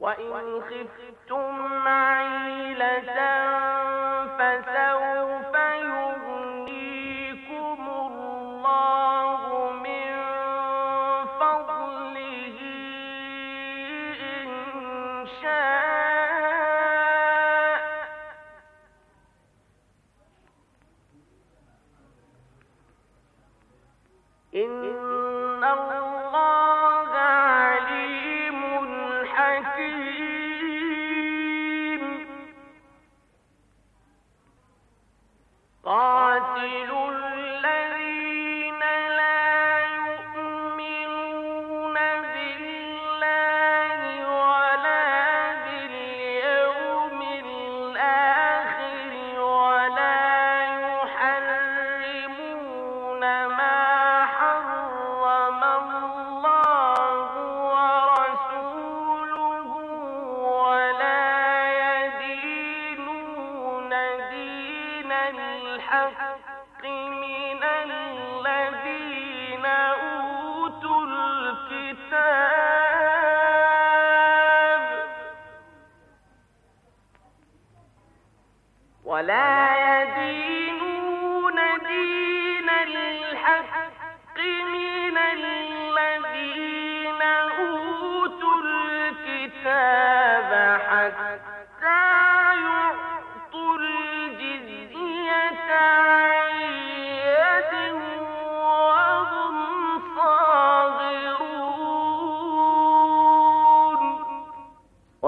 وإن خفتم عيلة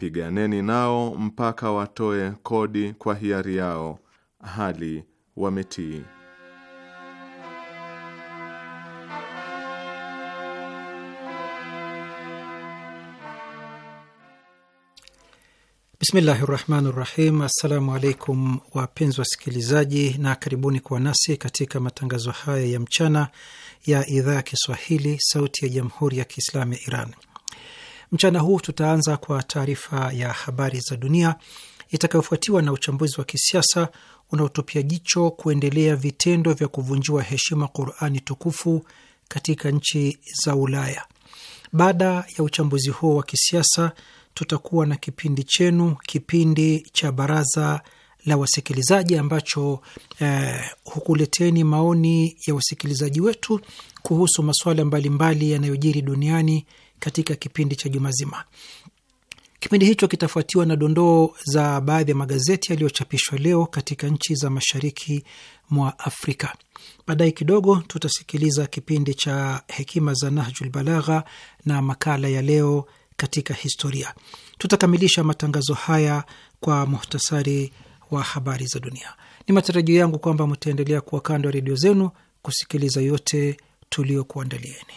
piganeni nao mpaka watoe kodi kwa hiari yao hali wametii. Bismillahi rahmani rahim. Assalamu alaikum wapenzi wasikilizaji, na karibuni kuwa nasi katika matangazo haya ya mchana ya idhaa ya Kiswahili, Sauti ya Jamhuri ya Kiislamu ya Iran. Mchana huu tutaanza kwa taarifa ya habari za dunia itakayofuatiwa na uchambuzi wa kisiasa unaotupia jicho kuendelea vitendo vya kuvunjiwa heshima Qurani tukufu katika nchi za Ulaya. Baada ya uchambuzi huo wa kisiasa, tutakuwa na kipindi chenu, kipindi cha baraza la wasikilizaji ambacho eh, hukuleteni maoni ya wasikilizaji wetu kuhusu masuala mbalimbali yanayojiri duniani katika kipindi cha juma zima. Kipindi hicho kitafuatiwa na dondoo za baadhi ya magazeti yaliyochapishwa leo katika nchi za mashariki mwa Afrika. Baadaye kidogo tutasikiliza kipindi cha hekima za Nahjul Balagha na makala ya leo katika historia. Tutakamilisha matangazo haya kwa muhtasari wa habari za dunia. Ni matarajio yangu kwamba mtaendelea kuwa kando ya redio zenu kusikiliza yote tuliokuandalieni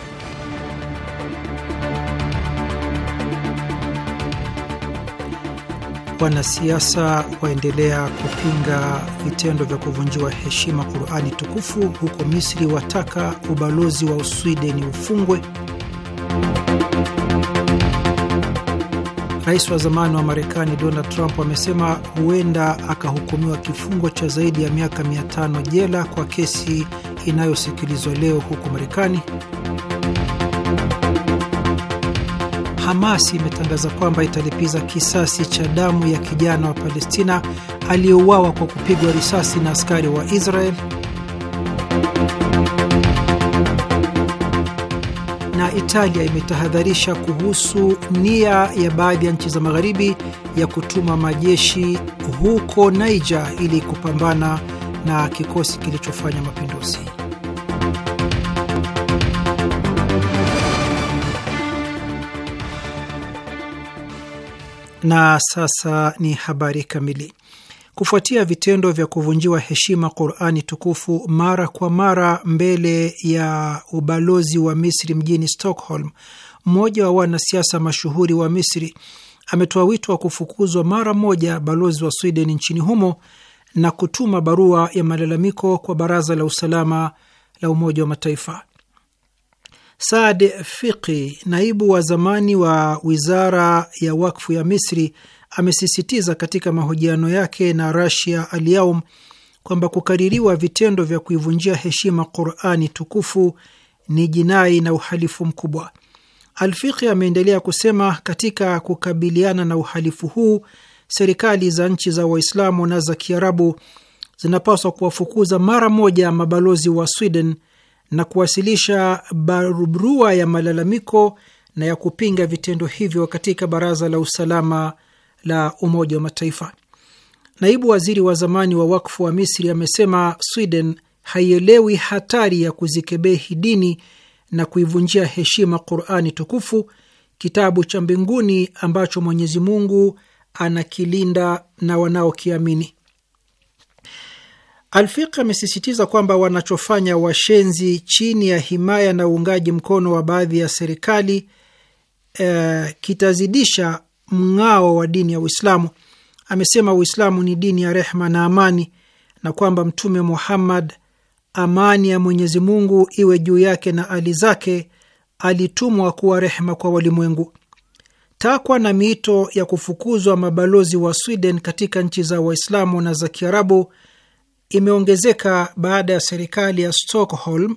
Wanasiasa waendelea kupinga vitendo vya kuvunjiwa heshima Qurani tukufu huko Misri, wataka ubalozi wa Uswideni ufungwe. Rais wa zamani wa Marekani Donald Trump amesema huenda akahukumiwa kifungo cha zaidi ya miaka 5 jela kwa kesi inayosikilizwa leo huko Marekani. Hamas imetangaza kwamba italipiza kisasi cha damu ya kijana wa Palestina aliyeuawa kwa kupigwa risasi na askari wa Israel. Na Italia imetahadharisha kuhusu nia ya baadhi ya nchi za magharibi ya kutuma majeshi huko Niger ili kupambana na kikosi kilichofanya mapinduzi. Na sasa ni habari kamili. Kufuatia vitendo vya kuvunjiwa heshima Qurani tukufu mara kwa mara mbele ya ubalozi wa Misri mjini Stockholm, mmoja wa wanasiasa mashuhuri wa Misri ametoa wito wa kufukuzwa mara moja balozi wa Sweden nchini humo na kutuma barua ya malalamiko kwa Baraza la Usalama la Umoja wa Mataifa. Saad Fiqi, naibu wa zamani wa wizara ya wakfu ya Misri, amesisitiza katika mahojiano yake na Rasia Alyaum kwamba kukaririwa vitendo vya kuivunjia heshima Qurani tukufu ni jinai na uhalifu mkubwa. Alfiqi ameendelea kusema, katika kukabiliana na uhalifu huu, serikali za nchi za Waislamu na za Kiarabu zinapaswa kuwafukuza mara moja mabalozi wa Sweden na kuwasilisha barubrua ya malalamiko na ya kupinga vitendo hivyo katika Baraza la Usalama la Umoja wa Mataifa. Naibu waziri wa zamani wa wakfu wa Misri amesema Sweden haielewi hatari ya kuzikebehi dini na kuivunjia heshima Qurani tukufu, kitabu cha mbinguni ambacho Mwenyezi Mungu anakilinda na wanaokiamini. Alfiq amesisitiza kwamba wanachofanya washenzi chini ya himaya na uungaji mkono wa baadhi ya serikali e, kitazidisha mng'ao wa dini ya Uislamu. Amesema Uislamu ni dini ya rehma na amani, na kwamba Mtume Muhammad, amani ya Mwenyezi Mungu iwe juu yake na ali zake, alitumwa kuwa rehma kwa walimwengu. Takwa na miito ya kufukuzwa mabalozi wa Sweden katika nchi za Waislamu na za Kiarabu imeongezeka baada ya serikali ya Stockholm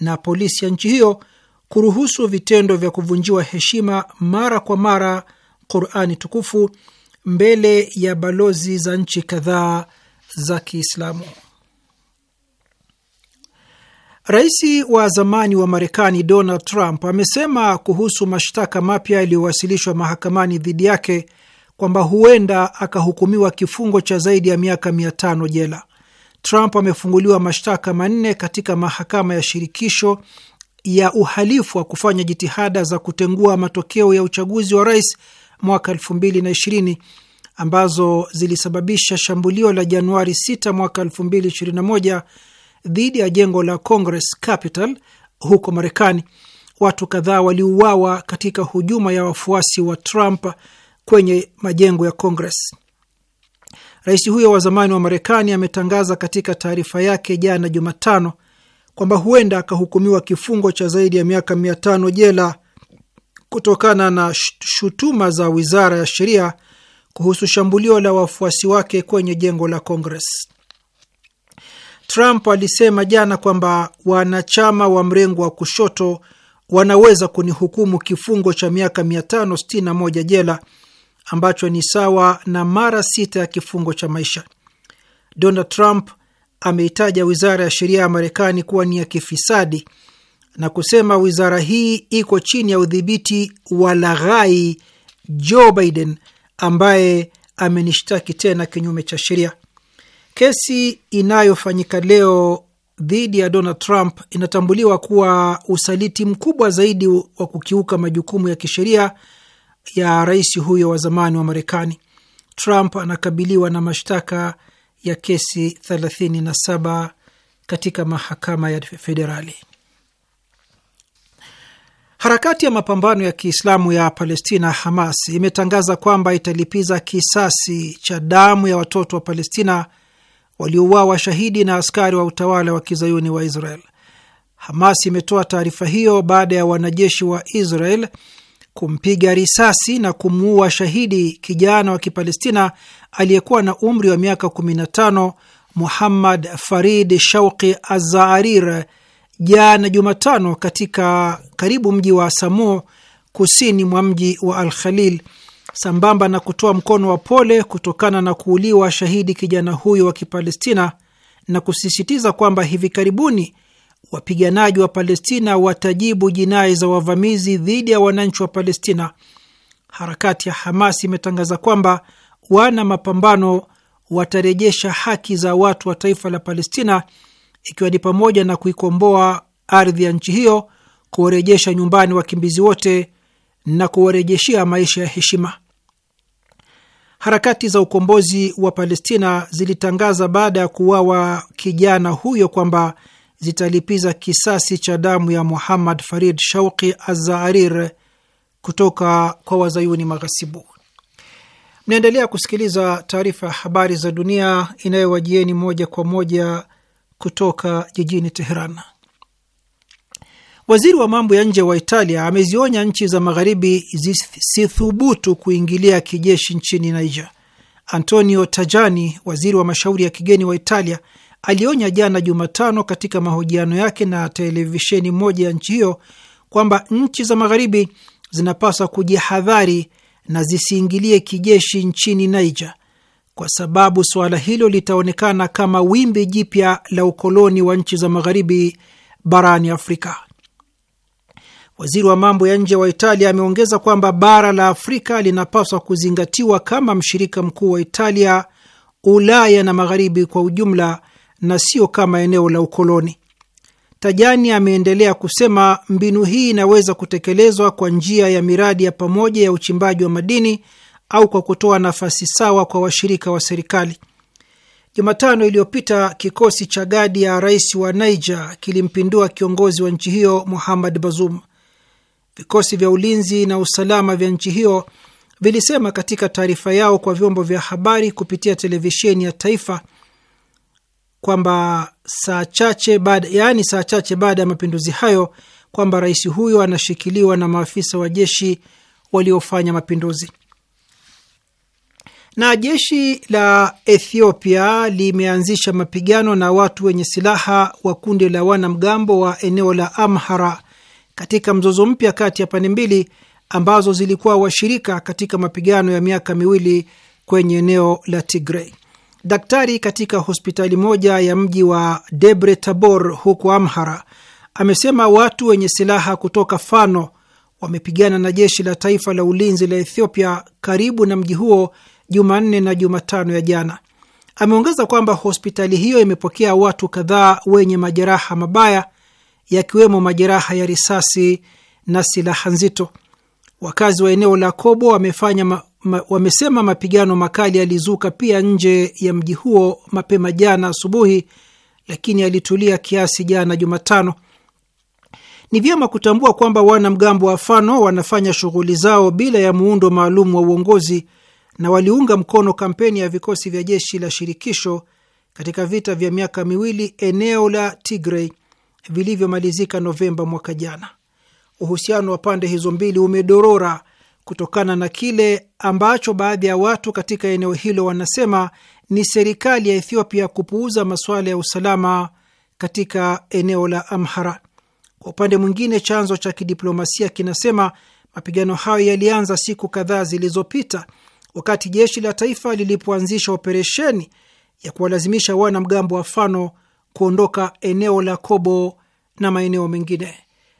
na polisi ya nchi hiyo kuruhusu vitendo vya kuvunjiwa heshima mara kwa mara Qurani tukufu mbele ya balozi za nchi kadhaa za Kiislamu. Rais wa zamani wa Marekani Donald Trump amesema kuhusu mashtaka mapya yaliyowasilishwa mahakamani dhidi yake kwamba huenda akahukumiwa kifungo cha zaidi ya miaka mia tano jela. Trump amefunguliwa mashtaka manne katika mahakama ya shirikisho ya uhalifu wa kufanya jitihada za kutengua matokeo ya uchaguzi wa rais mwaka 2020 ambazo zilisababisha shambulio la Januari 6 mwaka 2021 dhidi ya jengo la Congress Capital huko Marekani. Watu kadhaa waliuawa katika hujuma ya wafuasi wa Trump kwenye majengo ya Congress. Rais huyo wa zamani wa Marekani ametangaza katika taarifa yake jana Jumatano kwamba huenda akahukumiwa kifungo cha zaidi ya miaka mia tano jela kutokana na shutuma za wizara ya sheria kuhusu shambulio la wafuasi wake kwenye jengo la Kongres. Trump alisema jana kwamba wanachama wa mrengo wa kushoto wanaweza kunihukumu kifungo cha miaka 561 jela ambacho ni sawa na mara sita ya kifungo cha maisha. Donald Trump ameitaja wizara ya sheria ya Marekani kuwa ni ya kifisadi na kusema wizara hii iko chini ya udhibiti wa laghai Joe Biden ambaye amenishtaki tena kinyume cha sheria. Kesi inayofanyika leo dhidi ya Donald Trump inatambuliwa kuwa usaliti mkubwa zaidi wa kukiuka majukumu ya kisheria ya rais huyo wa zamani wa Marekani. Trump anakabiliwa na mashtaka ya kesi 37 katika mahakama ya federali. Harakati ya mapambano ya Kiislamu ya Palestina, Hamas, imetangaza kwamba italipiza kisasi cha damu ya watoto wa Palestina waliouawa shahidi na askari wa utawala wa kizayuni wa Israel. Hamas imetoa taarifa hiyo baada ya wanajeshi wa Israel kumpiga risasi na kumuua shahidi kijana wa Kipalestina aliyekuwa na umri wa miaka 15 Muhammad Farid Shauqi Azaarir jana Jumatano katika karibu mji wa Samu kusini mwa mji wa Al Khalil, sambamba na kutoa mkono wa pole kutokana na kuuliwa shahidi kijana huyo wa Kipalestina na kusisitiza kwamba hivi karibuni wapiganaji wa Palestina watajibu jinai za wavamizi dhidi ya wananchi wa Palestina. Harakati ya Hamas imetangaza kwamba wana mapambano watarejesha haki za watu wa taifa la Palestina, ikiwa ni pamoja na kuikomboa ardhi ya nchi hiyo, kuwarejesha nyumbani wakimbizi wote na kuwarejeshia maisha ya heshima. Harakati za ukombozi wa Palestina zilitangaza baada ya kuuawa kijana huyo kwamba zitalipiza kisasi cha damu ya Muhammad Farid Shauqi Azaarir kutoka kwa wazayuni maghasibu. Mnaendelea kusikiliza taarifa ya habari za dunia inayowajieni moja kwa moja kutoka jijini Teheran. Waziri wa mambo ya nje wa Italia amezionya nchi za magharibi zisithubutu kuingilia kijeshi nchini Niger. Antonio Tajani, waziri wa mashauri ya kigeni wa Italia, alionya jana Jumatano katika mahojiano yake na televisheni moja ya nchi hiyo kwamba nchi za magharibi zinapaswa kujihadhari na zisiingilie kijeshi nchini Niger kwa sababu suala hilo litaonekana kama wimbi jipya la ukoloni wa nchi za magharibi barani Afrika. Waziri wa mambo ya nje wa Italia ameongeza kwamba bara la Afrika linapaswa kuzingatiwa kama mshirika mkuu wa Italia, Ulaya na magharibi kwa ujumla na sio kama eneo la ukoloni. Tajani ameendelea kusema mbinu hii inaweza kutekelezwa kwa njia ya miradi ya pamoja ya uchimbaji wa madini au kwa kutoa nafasi sawa kwa washirika wa serikali. Jumatano iliyopita kikosi cha gadi ya rais wa Niger kilimpindua kiongozi wa nchi hiyo Muhammad Bazoum. Vikosi vya ulinzi na usalama vya nchi hiyo vilisema katika taarifa yao kwa vyombo vya habari kupitia televisheni ya taifa kwamba saa chache baada, yaani saa chache baada ya mapinduzi hayo kwamba rais huyo anashikiliwa na maafisa wa jeshi waliofanya mapinduzi. Na jeshi la Ethiopia limeanzisha mapigano na watu wenye silaha wa kundi la wanamgambo wa eneo la Amhara katika mzozo mpya kati ya pande mbili ambazo zilikuwa washirika katika mapigano ya miaka miwili kwenye eneo la Tigray. Daktari katika hospitali moja ya mji wa Debre Tabor huko Amhara amesema watu wenye silaha kutoka Fano wamepigana na jeshi la taifa la ulinzi la Ethiopia karibu na mji huo Jumanne na Jumatano ya jana. Ameongeza kwamba hospitali hiyo imepokea watu kadhaa wenye majeraha mabaya yakiwemo majeraha ya risasi na silaha nzito. Wakazi wa eneo la Kobo wamefanya ma, wamesema mapigano makali yalizuka pia nje ya mji huo mapema jana asubuhi, lakini yalitulia kiasi jana Jumatano. Ni vyema kutambua kwamba wanamgambo wa Fano wanafanya shughuli zao bila ya muundo maalum wa uongozi na waliunga mkono kampeni ya vikosi vya jeshi la shirikisho katika vita vya miaka miwili eneo la Tigray vilivyomalizika Novemba mwaka jana. Uhusiano wa pande hizo mbili umedorora kutokana na kile ambacho baadhi ya watu katika eneo hilo wanasema ni serikali ya Ethiopia kupuuza masuala ya usalama katika eneo la Amhara. Kwa upande mwingine, chanzo cha kidiplomasia kinasema mapigano hayo yalianza siku kadhaa zilizopita wakati jeshi la taifa lilipoanzisha operesheni ya kuwalazimisha wanamgambo wa Fano kuondoka eneo la Kobo na maeneo mengine.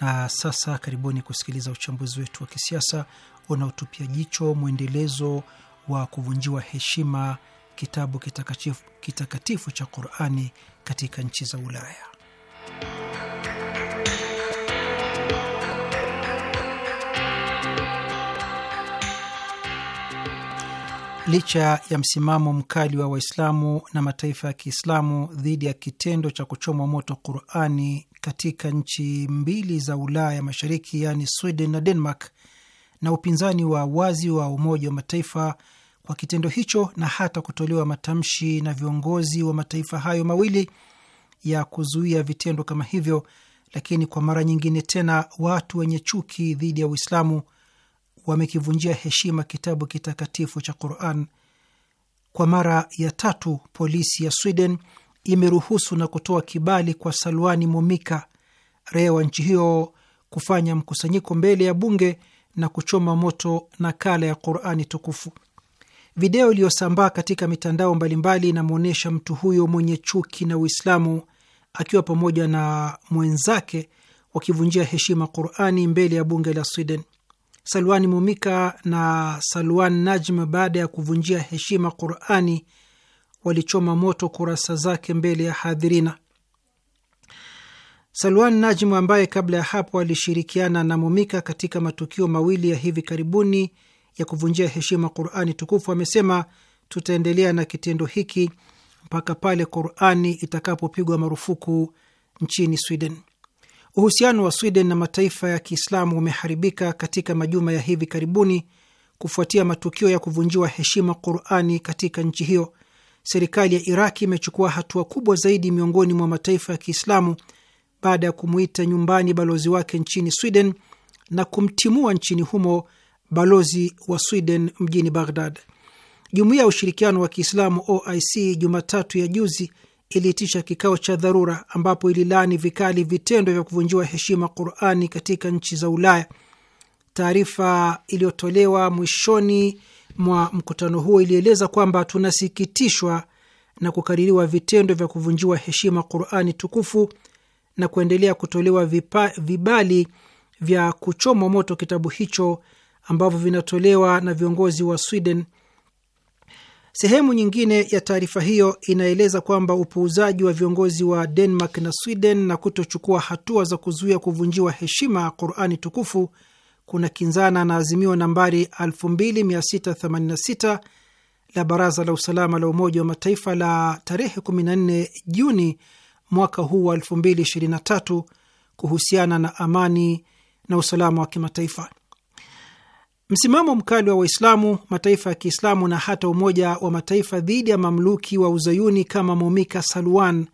na sasa karibuni kusikiliza uchambuzi wetu wa kisiasa unaotupia jicho mwendelezo wa kuvunjiwa heshima kitabu kitakatifu, kitakatifu cha Qurani katika nchi za Ulaya. Licha ya msimamo mkali wa Waislamu na mataifa ya Kiislamu dhidi ya kitendo cha kuchomwa moto Qurani katika nchi mbili za Ulaya Mashariki, yaani Sweden na Denmark, na upinzani wa wazi wa Umoja wa Mataifa kwa kitendo hicho na hata kutolewa matamshi na viongozi wa mataifa hayo mawili ya kuzuia vitendo kama hivyo. Lakini kwa mara nyingine tena, watu wenye chuki dhidi ya Uislamu wamekivunjia heshima kitabu kitakatifu cha Quran. Kwa mara ya tatu, polisi ya Sweden imeruhusu na kutoa kibali kwa Salwani Momika, raia wa nchi hiyo, kufanya mkusanyiko mbele ya bunge na kuchoma moto nakala ya Qurani tukufu. Video iliyosambaa katika mitandao mbalimbali inamwonyesha mtu huyo mwenye chuki na Uislamu akiwa pamoja na mwenzake wakivunjia heshima Qurani mbele ya bunge la Sweden. Salwani Momika na Salwan Najm, baada ya kuvunjia heshima Qurani walichoma moto kurasa zake mbele ya hadhirina. Salwan najm ambaye kabla ya hapo alishirikiana na Momika katika matukio mawili ya hivi karibuni ya kuvunjia heshima Qurani tukufu, amesema tutaendelea na kitendo hiki mpaka pale Qurani itakapopigwa marufuku nchini Sweden. Uhusiano wa Sweden na mataifa ya Kiislamu umeharibika katika majuma ya hivi karibuni kufuatia matukio ya kuvunjiwa heshima Qurani katika nchi hiyo serikali ya Iraki imechukua hatua kubwa zaidi miongoni mwa mataifa ya Kiislamu baada ya kumwita nyumbani balozi wake nchini Sweden na kumtimua nchini humo balozi wa Sweden mjini Baghdad. Jumuiya ya Ushirikiano wa Kiislamu OIC Jumatatu ya juzi iliitisha kikao cha dharura ambapo ililaani vikali vitendo vya kuvunjiwa heshima Qurani katika nchi za Ulaya. Taarifa iliyotolewa mwishoni mwa mkutano huo ilieleza kwamba tunasikitishwa na kukaririwa vitendo vya kuvunjiwa heshima Qurani tukufu na kuendelea kutolewa vipa, vibali vya kuchomwa moto kitabu hicho ambavyo vinatolewa na viongozi wa Sweden. Sehemu nyingine ya taarifa hiyo inaeleza kwamba upuuzaji wa viongozi wa Denmark na Sweden na kutochukua hatua za kuzuia kuvunjiwa heshima Qurani tukufu kuna kinzana na azimio nambari 2686 la Baraza la Usalama la Umoja wa Mataifa la tarehe 14 Juni mwaka huu wa 2023 kuhusiana na amani na usalama wa kimataifa. Msimamo mkali wa Waislamu, mataifa ya Kiislamu na hata Umoja wa Mataifa dhidi ya mamluki wa uzayuni kama Momika Salwan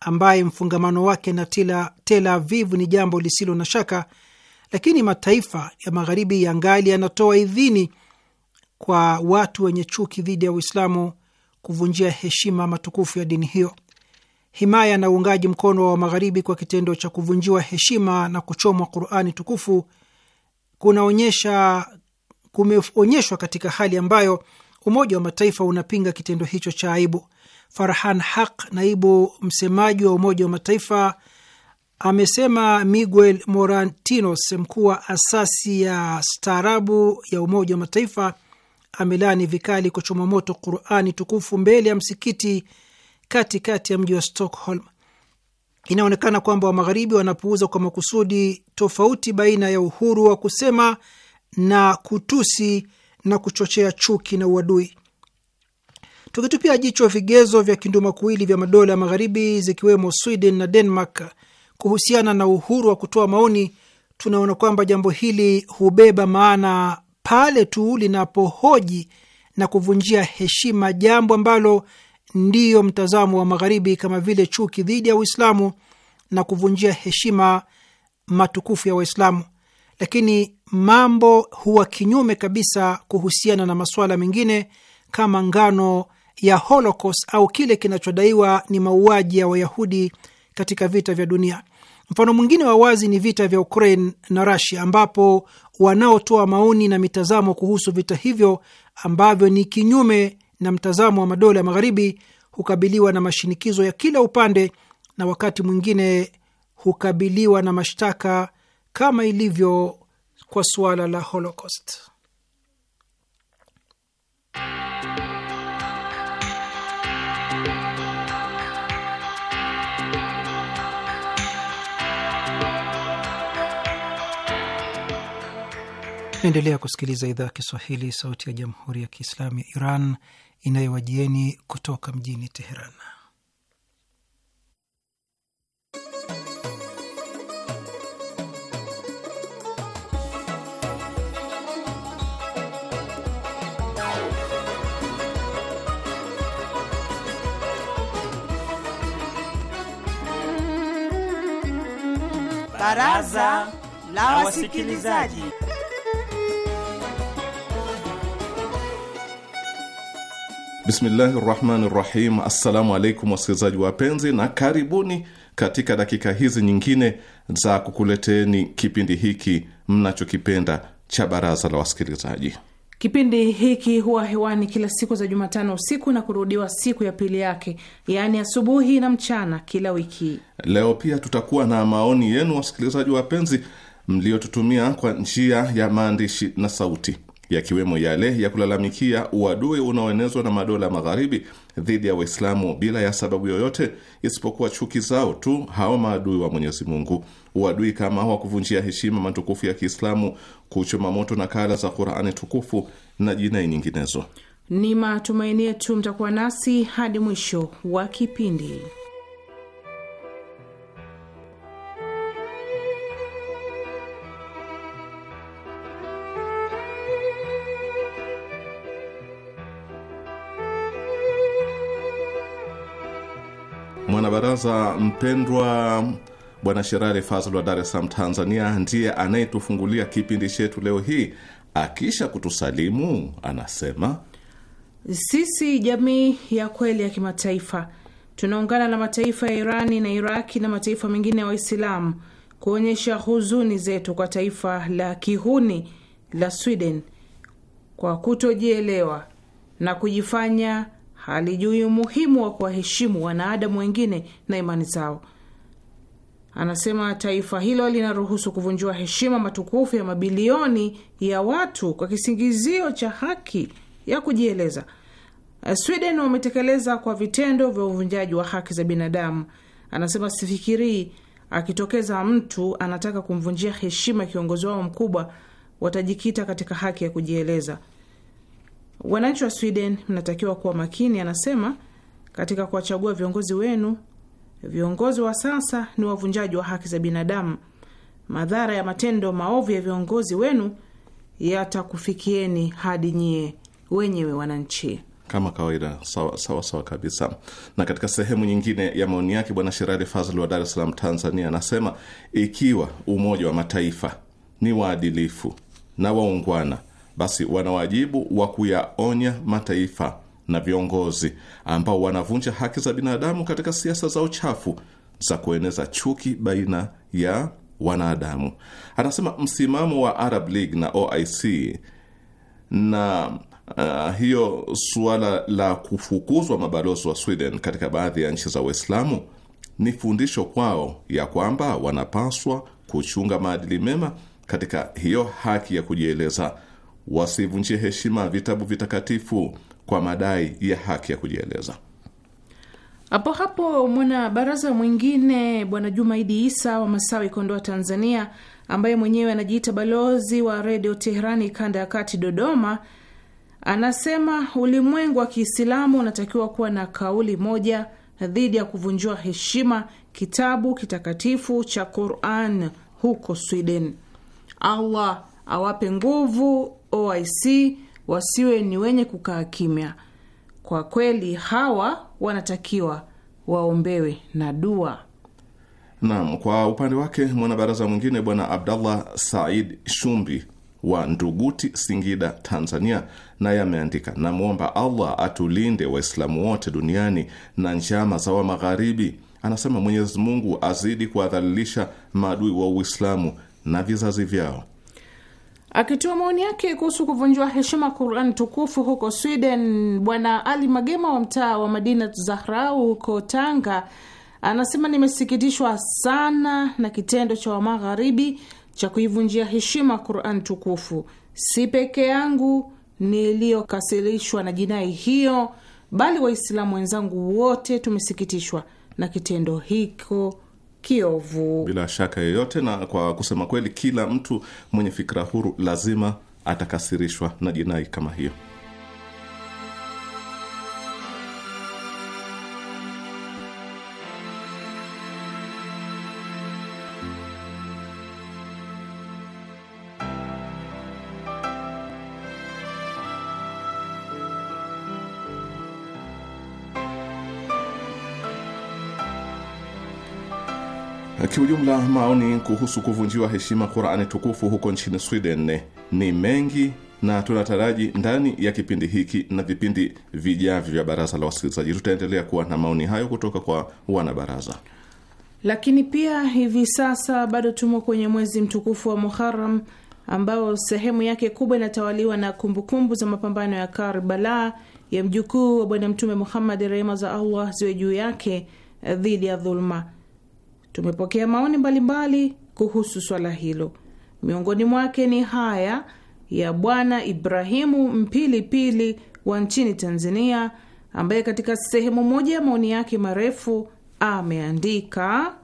ambaye mfungamano wake na Tel Aviv ni jambo lisilo na shaka lakini mataifa ya magharibi yangali yanatoa idhini kwa watu wenye chuki dhidi ya Uislamu kuvunjia heshima matukufu ya dini hiyo. Himaya na uungaji mkono wa magharibi kwa kitendo cha kuvunjiwa heshima na kuchomwa Qurani tukufu kunaonyesha kumeonyeshwa katika hali ambayo Umoja wa Mataifa unapinga kitendo hicho cha aibu. Farhan Haq, naibu msemaji wa Umoja wa Mataifa amesema Miguel Morantinos, mkuu wa asasi ya staarabu ya Umoja wa Mataifa, amelaani vikali kuchoma moto Qurani tukufu mbele ya msikiti katikati ya mji wa Stockholm. Inaonekana kwamba Wamagharibi wanapuuza kwa makusudi tofauti baina ya uhuru wa kusema na kutusi na kuchochea chuki na uadui. Tukitupia jicho vigezo vya kindumakuwili vya madola ya Magharibi, zikiwemo Sweden na Denmark, kuhusiana na uhuru wa kutoa maoni, tunaona kwamba jambo hili hubeba maana pale tu linapohoji na kuvunjia heshima jambo ambalo ndiyo mtazamo wa Magharibi, kama vile chuki dhidi ya Uislamu na kuvunjia heshima matukufu ya Waislamu. Lakini mambo huwa kinyume kabisa kuhusiana na masuala mengine kama ngano ya Holocaust au kile kinachodaiwa ni mauaji ya Wayahudi katika vita vya dunia. Mfano mwingine wa wazi ni vita vya Ukraine na rasia ambapo wanaotoa maoni na mitazamo kuhusu vita hivyo ambavyo ni kinyume na mtazamo wa madola ya magharibi hukabiliwa na mashinikizo ya kila upande na wakati mwingine hukabiliwa na mashtaka kama ilivyo kwa suala la Holocaust. Naendelea kusikiliza idhaa ya Kiswahili, sauti ya jamhuri ya kiislamu ya Iran inayowajieni kutoka mjini Teheran. Baraza la Wasikilizaji. Bismillahi rahmani rahim. Assalamu alaikum wasikilizaji wapenzi, na karibuni katika dakika hizi nyingine za kukuleteni kipindi hiki mnachokipenda cha baraza la wasikilizaji. Kipindi hiki huwa hewani kila siku za Jumatano usiku na kurudiwa siku ya pili yake, yaani asubuhi na mchana kila wiki. Leo pia tutakuwa na maoni yenu wasikilizaji wapenzi, mliotutumia kwa njia ya maandishi na sauti yakiwemo yale ya kulalamikia uadui unaoenezwa na madola magharibi dhidi ya Waislamu bila ya sababu yoyote isipokuwa chuki zao tu, hao maadui wa Mwenyezi Mungu. Uadui kama wa kuvunjia heshima matukufu ya Kiislamu, kuchoma moto na kala za Qur'ani tukufu na jinai nyinginezo. Ni matumaini yetu mtakuwa nasi hadi mwisho wa kipindi. mwanabaraza mpendwa Bwana Sherari Fazl wa Dar es Salaam, Tanzania, ndiye anayetufungulia kipindi chetu leo hii. Akisha kutusalimu anasema, sisi jamii ya kweli ya kimataifa tunaungana na mataifa ya Irani na Iraki na mataifa mengine ya wa Waislamu kuonyesha huzuni zetu kwa taifa la kihuni la Sweden kwa kutojielewa na kujifanya halijui umuhimu wa kuwaheshimu wanaadamu wengine na imani zao. Anasema taifa hilo linaruhusu kuvunjiwa heshima matukufu ya mabilioni ya watu kwa kisingizio cha haki ya kujieleza. Sweden wametekeleza kwa vitendo vya uvunjaji wa haki za binadamu. Anasema sifikirii akitokeza mtu anataka kumvunjia heshima kiongozi wao mkubwa, watajikita katika haki ya kujieleza. Wananchi wa Sweden mnatakiwa kuwa makini, anasema, katika kuwachagua viongozi wenu. Viongozi wa sasa ni wavunjaji wa haki za binadamu. Madhara ya matendo maovu ya viongozi wenu yatakufikieni hadi nyie wenyewe wananchi. Kama kawaida, sawa sawa, sawa kabisa. Na katika sehemu nyingine ya maoni yake, Bwana Sherali Fazl wa Dar es Salaam, Tanzania, anasema ikiwa Umoja wa Mataifa ni waadilifu na waungwana basi wana wajibu wa kuyaonya mataifa na viongozi ambao wanavunja haki za binadamu katika siasa za uchafu za kueneza chuki baina ya wanadamu. Anasema msimamo wa Arab League na OIC na uh, hiyo suala la kufukuzwa mabalozi wa Sweden katika baadhi ya nchi za Waislamu ni fundisho kwao ya kwamba wanapaswa kuchunga maadili mema katika hiyo haki ya kujieleza wasivunjie heshima vitabu vitakatifu kwa madai ya haki ya kujieleza. Hapo hapo mwana baraza mwingine Bwana Jumaidi Isa wa Masawi, Kondoa, Tanzania, ambaye mwenyewe anajiita balozi wa Redio Teherani kanda ya kati, Dodoma, anasema ulimwengu wa Kiislamu unatakiwa kuwa na kauli moja dhidi ya kuvunjiwa heshima kitabu kitakatifu cha Quran huko Sweden. Allah awape nguvu OIC wasiwe ni wenye kukaa kimya. Kwa kweli hawa wanatakiwa waombewe na dua. Naam, kwa upande wake mwanabaraza mwingine Bwana Abdallah Said Shumbi wa Nduguti, Singida, Tanzania, naye ameandika, namwomba Allah atulinde Waislamu wote duniani na njama za wa Magharibi. Anasema Mwenyezi Mungu azidi kuwadhalilisha maadui wa Uislamu na vizazi vyao. Akitoa maoni yake kuhusu kuvunjiwa heshima Qurani tukufu huko Sweden, Bwana Ali Magema wa mtaa wa Madina Zahrau huko Tanga anasema nimesikitishwa sana na kitendo cha Wamagharibi cha kuivunjia heshima Qurani tukufu. Si peke yangu niliyokasilishwa na jinai hiyo, bali Waislamu wenzangu wote tumesikitishwa na kitendo hiko kiovu bila shaka yoyote. Na kwa kusema kweli, kila mtu mwenye fikra huru lazima atakasirishwa na jinai kama hiyo. Kiujumla, maoni kuhusu kuvunjiwa heshima Qurani tukufu huko nchini Sweden ni mengi na tunataraji ndani ya kipindi hiki na vipindi vijavyo vya Baraza la Wasikilizaji tutaendelea kuwa na maoni hayo kutoka kwa wanabaraza. Lakini pia hivi sasa bado tumo kwenye mwezi mtukufu wa muharam ambao sehemu yake kubwa inatawaliwa na kumbukumbu kumbu za mapambano ya Karbala ya mjukuu wa Bwana Mtume Muhammad, rehema za Allah ziwe juu yake, eh, dhidi ya dhuluma Tumepokea maoni mbalimbali kuhusu swala hilo, miongoni mwake ni haya ya Bwana Ibrahimu Mpilipili wa nchini Tanzania, ambaye katika sehemu moja ya maoni yake marefu ameandika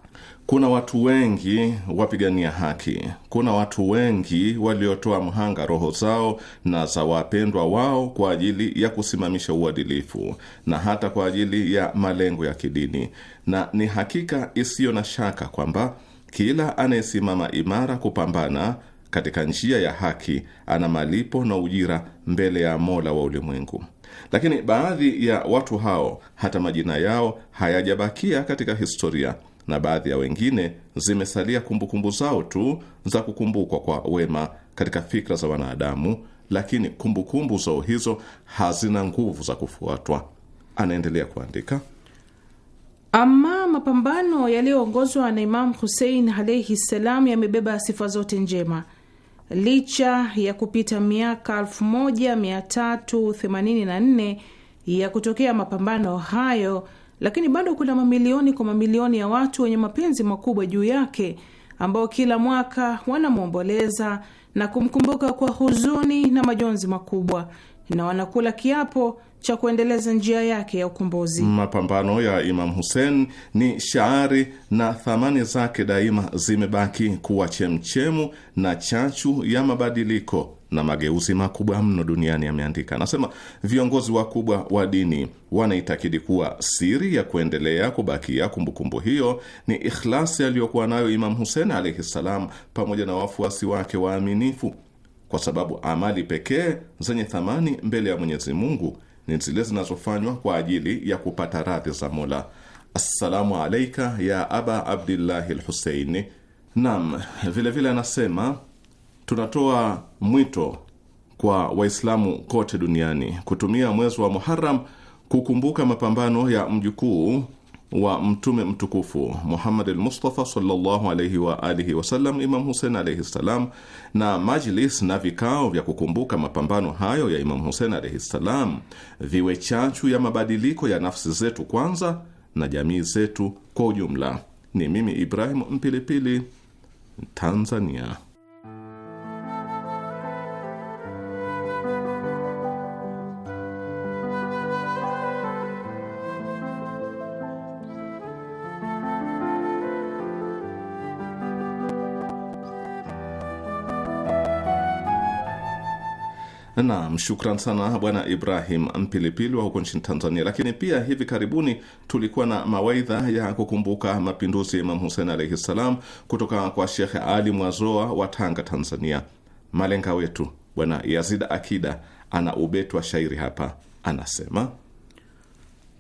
kuna watu wengi wapigania haki, kuna watu wengi waliotoa mhanga roho zao na za wapendwa wao kwa ajili ya kusimamisha uadilifu na hata kwa ajili ya malengo ya kidini, na ni hakika isiyo na shaka kwamba kila anayesimama imara kupambana katika njia ya haki ana malipo na ujira mbele ya Mola wa ulimwengu. Lakini baadhi ya watu hao hata majina yao hayajabakia katika historia na baadhi ya wengine zimesalia kumbukumbu zao tu za kukumbukwa kwa wema katika fikra za wanadamu, lakini kumbukumbu zao hizo hazina nguvu za kufuatwa. Anaendelea kuandika. Ama mapambano yaliyoongozwa na Imamu Husein alaihi ssalam yamebeba sifa zote njema licha ya kupita miaka 1384 ya kutokea mapambano hayo lakini bado kuna mamilioni kwa mamilioni ya watu wenye mapenzi makubwa juu yake ambao kila mwaka wanamwomboleza na kumkumbuka kwa huzuni na majonzi makubwa na wanakula kiapo cha kuendeleza njia yake ya ukombozi. Mapambano ya Imam Hussein ni shaari na thamani zake daima zimebaki kuwa chemchemu na chachu ya mabadiliko na mageuzi makubwa mno duniani, ameandika. Anasema viongozi wakubwa wa dini wanaitakidi kuwa siri ya kuendelea kubakia kumbukumbu hiyo ni ikhlasi aliyokuwa nayo Imam Hussein alaihi ssalam, pamoja na wafuasi wake waaminifu, kwa sababu amali pekee zenye thamani mbele ya Mwenyezi Mungu ni zile zinazofanywa kwa ajili ya kupata radhi za Mola. Assalamu alaika ya aba Abdillahi Lhuseini. nam vilevile anasema vile tunatoa mwito kwa Waislamu kote duniani kutumia mwezi wa Muharam kukumbuka mapambano ya mjukuu wa Mtume mtukufu Muhammad al-Mustafa sallallahu alayhi wa alihi Imam Hussein alayhi salam, na majlis na vikao vya kukumbuka mapambano hayo ya Imam Hussein alayhi salam viwe chachu ya mabadiliko ya nafsi zetu kwanza na jamii zetu kwa ujumla. Ni mimi Ibrahim Mpilipili, Tanzania. Naam, shukran sana Bwana Ibrahim Mpilipili wa huko nchini Tanzania. Lakini pia hivi karibuni tulikuwa na mawaidha ya kukumbuka mapinduzi ya Imam Husein alaihi ssalam kutoka kwa Shekhe Ali Mwazoa wa Tanga, Tanzania. Malenga wetu Bwana Yazida Akida ana ubetwa shairi hapa, anasema: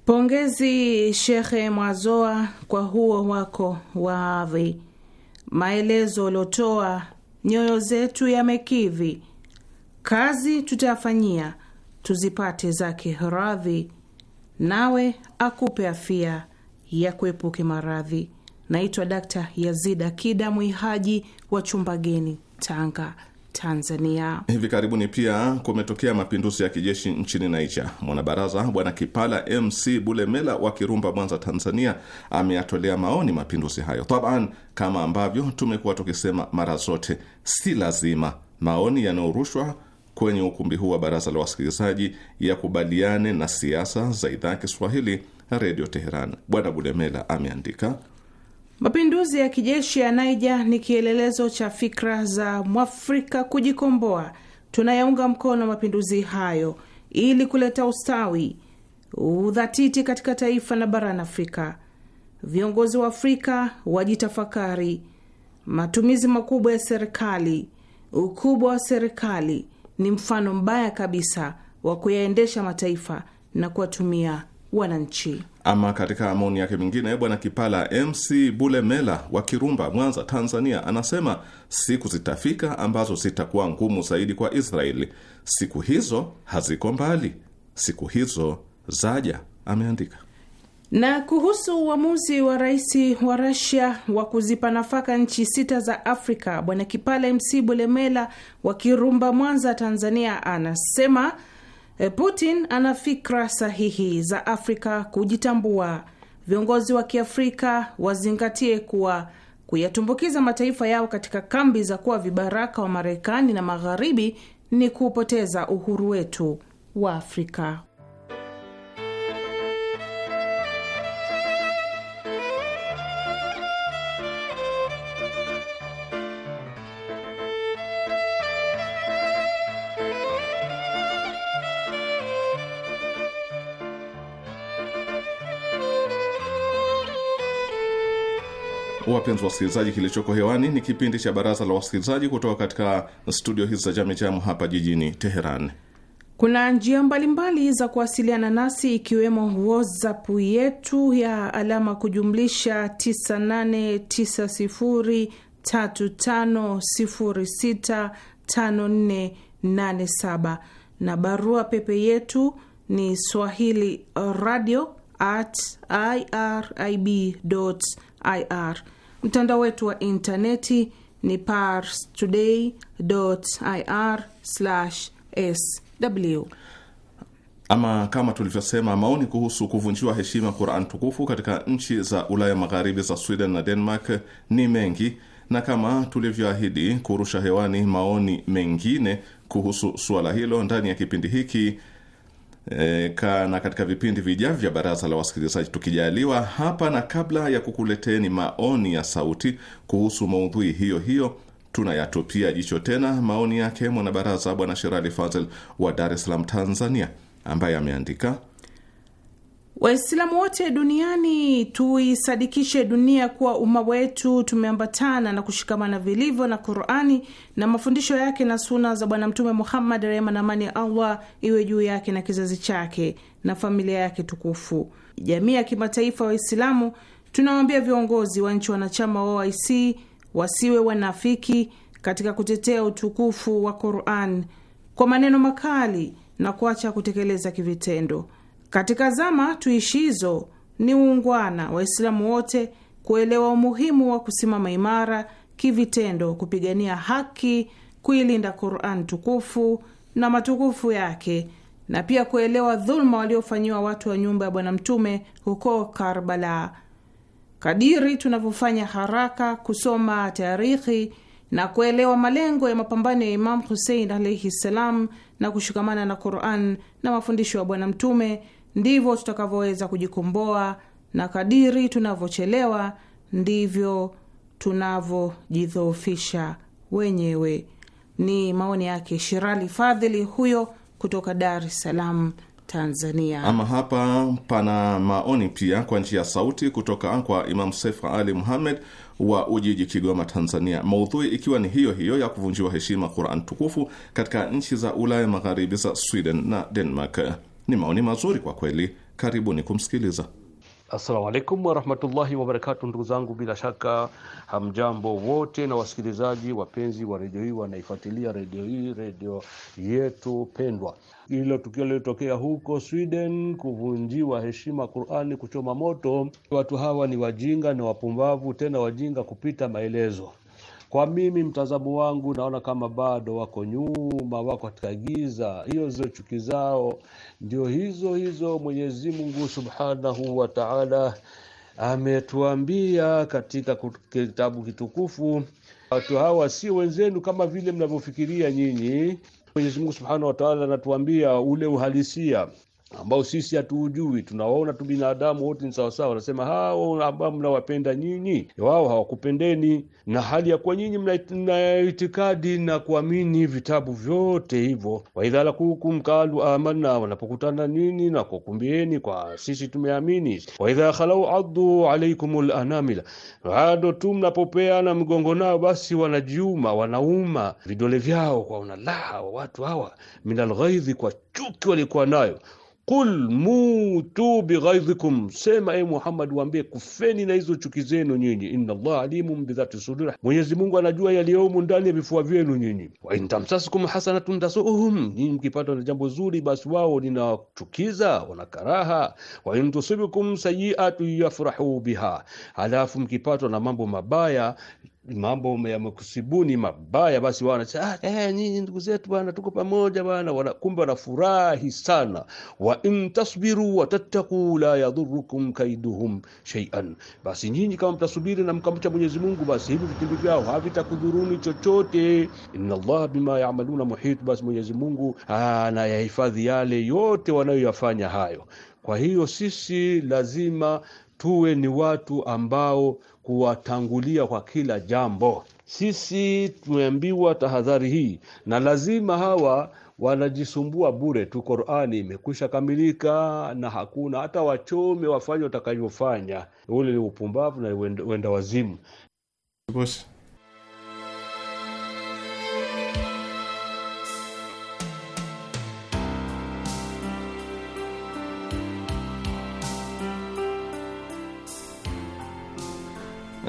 Pongezi Shekhe Mwazoa kwa huo wako waadhi, maelezo uliotoa nyoyo zetu yamekivi kazi tutayafanyia, tuzipate zake radhi, nawe akupe afia ya kuepuke maradhi. Naitwa Dakta Yazid Akida Mwihaji wa Chumbageni, Tanga, Tanzania. Hivi karibuni pia kumetokea mapinduzi ya kijeshi nchini naija Mwanabaraza Bwana Kipala MC Bulemela wa Kirumba, Mwanza, Tanzania, ameyatolea maoni mapinduzi hayo. Taban, kama ambavyo tumekuwa tukisema mara zote, si lazima maoni yanayorushwa kwenye ukumbi huu wa baraza la wasikilizaji yakubaliane na siasa za idhaa ya Kiswahili Redio Teheran. Bwana Bulemela ameandika mapinduzi ya kijeshi ya Naija ni kielelezo cha fikra za mwafrika kujikomboa. Tunayaunga mkono mapinduzi hayo ili kuleta ustawi, udhatiti katika taifa na barani Afrika. Viongozi wa Afrika wajitafakari matumizi makubwa ya serikali, ukubwa wa serikali ni mfano mbaya kabisa wa kuyaendesha mataifa na kuwatumia wananchi. Ama katika maoni yake mingine bwana Kipala MC Bulemela wa Kirumba, Mwanza, Tanzania, anasema siku zitafika ambazo zitakuwa ngumu zaidi kwa Israeli. Siku hizo haziko mbali, siku hizo zaja, ameandika. Na kuhusu uamuzi wa rais wa Rasia wa kuzipa nafaka nchi sita za Afrika, Bwana kipale MC Bulemela wa Kirumba, Mwanza, Tanzania, anasema eh, Putin ana fikra sahihi za Afrika kujitambua. Viongozi wa Kiafrika wazingatie kuwa kuyatumbukiza mataifa yao katika kambi za kuwa vibaraka wa Marekani na Magharibi ni kuupoteza uhuru wetu wa Afrika. Wapenzi wasikilizaji, kilichoko hewani ni kipindi cha Baraza la Wasikilizaji kutoka katika studio hizi za Jamijamu hapa jijini Teheran. Kuna njia mbalimbali mbali za kuwasiliana nasi ikiwemo WhatsApp yetu ya alama kujumlisha 989035065487 na barua pepe yetu ni swahili radio at irib.ir. Mtandao wetu wa intaneti ni parstoday.ir/sw. Ama kama tulivyosema, maoni kuhusu kuvunjiwa heshima Quran tukufu katika nchi za Ulaya Magharibi za Sweden na Denmark ni mengi, na kama tulivyoahidi kurusha hewani maoni mengine kuhusu suala hilo ndani ya kipindi hiki E, na katika vipindi vijavyo vya baraza la wasikilizaji tukijaliwa, hapa na kabla ya kukuleteni maoni ya sauti kuhusu maudhui hiyo hiyo, tunayatupia jicho tena maoni yake mwanabaraza bwana Sherali fazel wa Dar es Salaam, Tanzania, ambaye ameandika Waislamu wote duniani tuisadikishe dunia kuwa umma wetu tumeambatana na kushikamana vilivyo na Qurani na mafundisho yake na suna za Bwana Mtume Muhammad, rehma na amani ya Allah iwe juu yake na kizazi chake na familia yake tukufu. Jamii ya kimataifa Waislamu, tunawaambia viongozi wa nchi wanachama wa OIC wasiwe wanafiki katika kutetea utukufu wa Quran kwa maneno makali na kuacha kutekeleza kivitendo katika zama tuishizo, ni uungwana Waislamu wote kuelewa umuhimu wa kusimama imara kivitendo kupigania haki, kuilinda Quran tukufu na matukufu yake na pia kuelewa dhuluma waliofanyiwa watu wa nyumba ya Bwana Mtume huko Karbala. Kadiri tunavyofanya haraka kusoma taarikhi na kuelewa malengo ya mapambano ya Imam Husein alaihi ssalam na kushikamana na Quran na mafundisho ya Bwana Mtume ndivyo tutakavyoweza kujikomboa, na kadiri tunavyochelewa ndivyo tunavyojidhoofisha wenyewe. Ni maoni yake Shirali Fadhili huyo kutoka Dar es Salaam, Tanzania. Ama hapa pana maoni pia kwa njia ya sauti kutoka kwa Imam Sefa Ali Muhamed wa Ujiji, Kigoma, Tanzania, maudhui ikiwa ni hiyo hiyo ya kuvunjiwa heshima Quran tukufu katika nchi za Ulaya Magharibi za Sweden na Denmark. Ni maoni mazuri kwa kweli, karibuni kumsikiliza. Assalamu alaikum warahmatullahi wabarakatu, ndugu zangu, bila shaka hamjambo wote na wasikilizaji wapenzi wa redio hii wanaifuatilia redio hii, redio yetu pendwa. Hilo tukio lilitokea huko Sweden, kuvunjiwa heshima Qurani, kuchoma moto, watu hawa ni wajinga na wapumbavu, tena wajinga kupita maelezo. Kwa mimi mtazamo wangu naona kama bado wako nyuma, wako katika giza. Hiyo zio chuki zao ndio hizo hizo. Mwenyezi Mungu Subhanahu wa Ta'ala ametuambia katika kitabu kitukufu, watu hawa si wenzenu kama vile mnavyofikiria nyinyi. Mwenyezi Mungu Subhanahu wa Ta'ala anatuambia ule uhalisia ambao sisi hatuujui, tunawaona tu binadamu wote ni sawasawa. Wanasema hao ambao mnawapenda nyinyi, wao hawakupendeni, na hali ya kuwa nyinyi mnaitikadi na kuamini vitabu vyote hivyo. waidhala lakukum kalu amanna, wanapokutana nini na kukumbieni kwa sisi tumeamini. waidha khalau addu alaikum lanamila, bado tu mnapopeana mgongo nao, basi wanajiuma, wanauma vidole vyao, kwa unalaha wa watu hawa minalghaidhi, kwa chuki walikuwa nayo Kul mutu bighaidhikum, sema e Muhammad, waambie kufeni na hizo chuki zenu nyinyi. Inna Allah alimu bidhati sudur, Mwenyezi Mungu anajua yaliyomo ndani ya vifua vyenu nyinyi. Wa in hasanatun tasuhum, nyinyi mkipatwa na jambo zuri, basi wao ninawachukiza wanakaraha. Wa in sayiatu yafrahu biha, halafu mkipatwa na mambo mabaya mambo yamekusibuni mabaya, basi wao wanasema ah, eh, nyinyi ndugu zetu bwana, tuko pamoja bwana. Wana, kumbe wanafurahi sana. wa in tasbiru la yadhurukum kaiduhum shay'an, basi nyinyi kama mtasubiri na mkamcha Mwenyezi Mungu, basi hivi vitimbi vyao havitakudhuruni chochote. inna Allah bima ya'maluna muhit, basi Mwenyezi Mungu anayahifadhi yale yote wanayoyafanya hayo. Kwa hiyo sisi lazima tuwe ni watu ambao kuwatangulia kwa kila jambo. Sisi tumeambiwa tahadhari hii, na lazima hawa wanajisumbua bure tu. Qur'ani imekwisha kamilika, na hakuna hata wachome wafanye watakavyofanya. Ule ni upumbavu na wenda wazimu.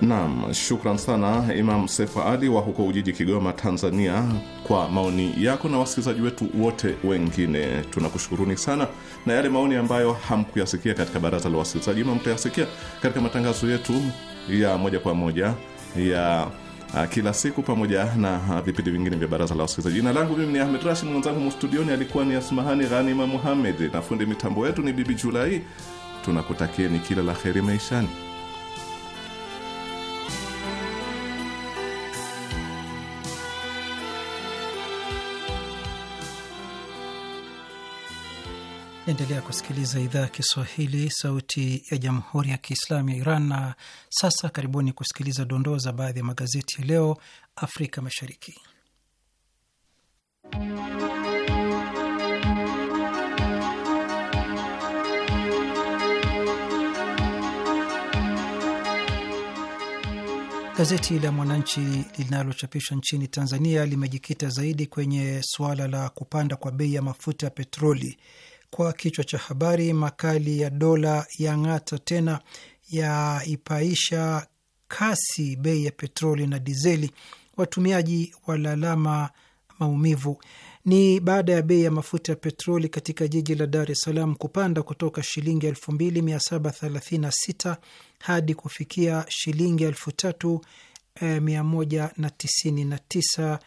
Naam, shukran sana Imam Sefa Ali wa huko Ujiji, Kigoma, Tanzania, kwa maoni yako na wasikilizaji wetu wote wengine tunakushukuruni sana, na yale maoni ambayo hamkuyasikia katika baraza la wasikilizaji ima mtayasikia katika matangazo yetu ya moja kwa moja ya kila siku pamoja na vipindi vingine vya baraza la wasikilizaji. Jina langu mimi ni Ahmed Rashid, mwenzangu mstudioni alikuwa ni Asmahani Ghanima Muhamed na fundi mitambo yetu ni Bibi Julai. Tunakutakieni kila la heri maishani. Naendelea kusikiliza idhaa ya Kiswahili, sauti ya jamhuri ya kiislamu ya Iran. Na sasa karibuni kusikiliza dondoo za baadhi ya magazeti ya leo Afrika Mashariki. Gazeti la Mwananchi linalochapishwa nchini Tanzania limejikita zaidi kwenye suala la kupanda kwa bei ya mafuta ya petroli kwa kichwa cha habari, makali ya dola ya ngata tena, yaipaisha kasi bei ya petroli na dizeli, watumiaji walalama maumivu. Ni baada ya bei ya mafuta ya petroli katika jiji la Dar es Salaam kupanda kutoka shilingi 2736 hadi kufikia shilingi 3199 eh,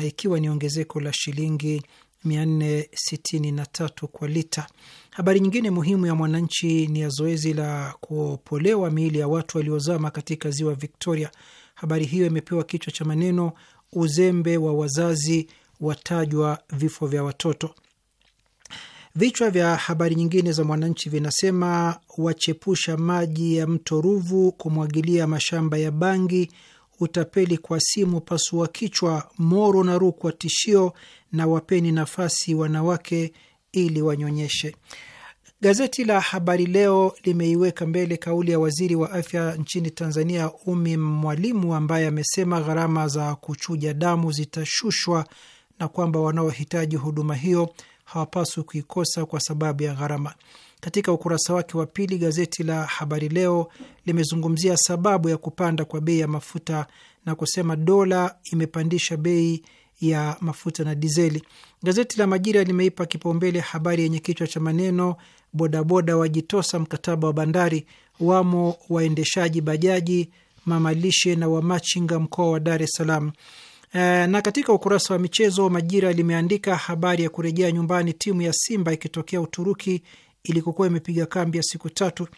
eh, ikiwa ni ongezeko la shilingi 463 kwa lita. Habari nyingine muhimu ya Mwananchi ni ya zoezi la kuopolewa miili ya watu waliozama katika ziwa Victoria. Habari hiyo imepewa kichwa cha maneno uzembe wa wazazi watajwa vifo vya watoto. Vichwa vya habari nyingine za Mwananchi vinasema wachepusha maji ya mto Ruvu kumwagilia mashamba ya bangi, utapeli kwa simu, pasua kichwa, moro na rukwa tishio, na wapeni nafasi wanawake ili wanyonyeshe. Gazeti la Habari Leo limeiweka mbele kauli ya waziri wa afya nchini Tanzania, Umi Mwalimu, ambaye amesema gharama za kuchuja damu zitashushwa na kwamba wanaohitaji huduma hiyo hawapaswi kuikosa kwa sababu ya gharama. Katika ukurasa wake wa pili, gazeti la Habari Leo limezungumzia sababu ya kupanda kwa bei ya mafuta na kusema dola imepandisha bei ya mafuta na dizeli. Gazeti la Majira limeipa kipaumbele habari yenye kichwa cha maneno bodaboda wajitosa mkataba wa bandari, wamo waendeshaji bajaji, mamalishe na wamachinga mkoa wa Dar es Salaam. E, na katika ukurasa wa michezo Majira limeandika habari ya kurejea nyumbani timu ya Simba ikitokea Uturuki ilikokuwa imepiga kambi ya siku tatu.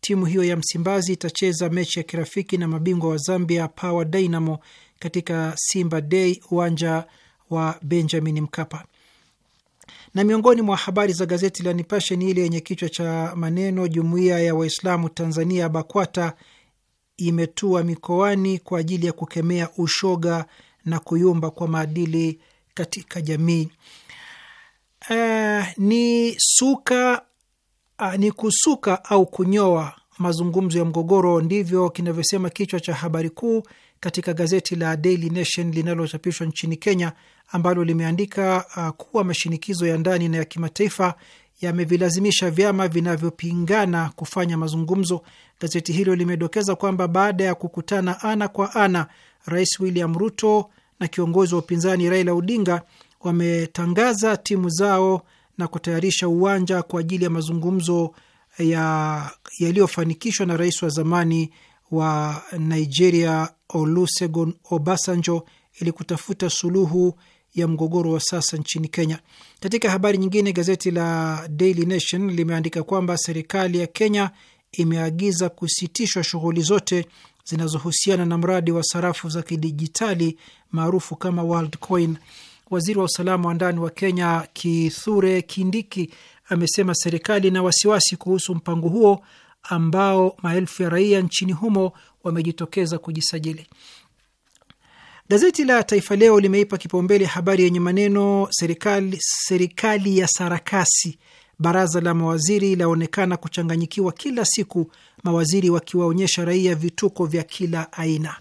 Timu hiyo ya Msimbazi itacheza mechi ya kirafiki na mabingwa wa Zambia Power Dynamo katika Simba Day, uwanja wa Benjamin Mkapa. Na miongoni mwa habari za gazeti la Nipashe ni ile yenye kichwa cha maneno Jumuiya ya Waislamu Tanzania BAKWATA imetua mikoani kwa ajili ya kukemea ushoga na kuyumba kwa maadili katika jamii. Uh, ni suka a, ah, ni kusuka au kunyoa mazungumzo ya mgogoro, ndivyo kinavyosema kichwa cha habari kuu katika gazeti la Daily Nation linalochapishwa nchini Kenya, ambalo limeandika uh, kuwa mashinikizo ya ndani na ya kimataifa yamevilazimisha vyama vinavyopingana kufanya mazungumzo. Gazeti hilo limedokeza kwamba baada ya kukutana ana kwa ana, Rais William Ruto na kiongozi wa upinzani Raila Odinga wametangaza timu zao na kutayarisha uwanja kwa ajili ya mazungumzo yaliyofanikishwa na rais wa zamani wa Nigeria Olusegun Obasanjo ili kutafuta suluhu ya mgogoro wa sasa nchini Kenya. Katika habari nyingine, gazeti la Daily Nation limeandika kwamba serikali ya Kenya imeagiza kusitishwa shughuli zote zinazohusiana na mradi wa sarafu za kidijitali maarufu kama Worldcoin. Waziri wa usalama wa ndani wa Kenya Kithure Kindiki amesema serikali ina wasiwasi kuhusu mpango huo ambao maelfu ya raia nchini humo wamejitokeza kujisajili. Gazeti la Taifa Leo limeipa kipaumbele habari yenye maneno serikali, serikali ya sarakasi, baraza la mawaziri laonekana kuchanganyikiwa kila siku, mawaziri wakiwaonyesha raia vituko vya kila aina.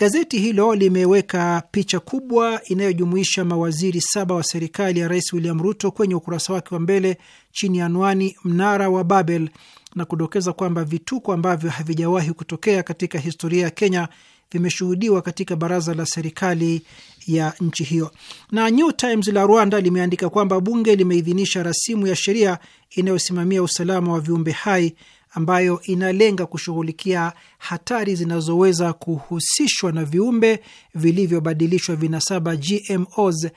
Gazeti hilo limeweka picha kubwa inayojumuisha mawaziri saba wa serikali ya Rais William Ruto kwenye ukurasa wake wa mbele chini ya anwani mnara wa Babel na kudokeza kwamba vituko ambavyo havijawahi kutokea katika historia ya Kenya vimeshuhudiwa katika baraza la serikali ya nchi hiyo. Na New Times la Rwanda limeandika kwamba bunge limeidhinisha rasimu ya sheria inayosimamia usalama wa viumbe hai ambayo inalenga kushughulikia hatari zinazoweza kuhusishwa na viumbe vilivyobadilishwa vinasaba GMOs,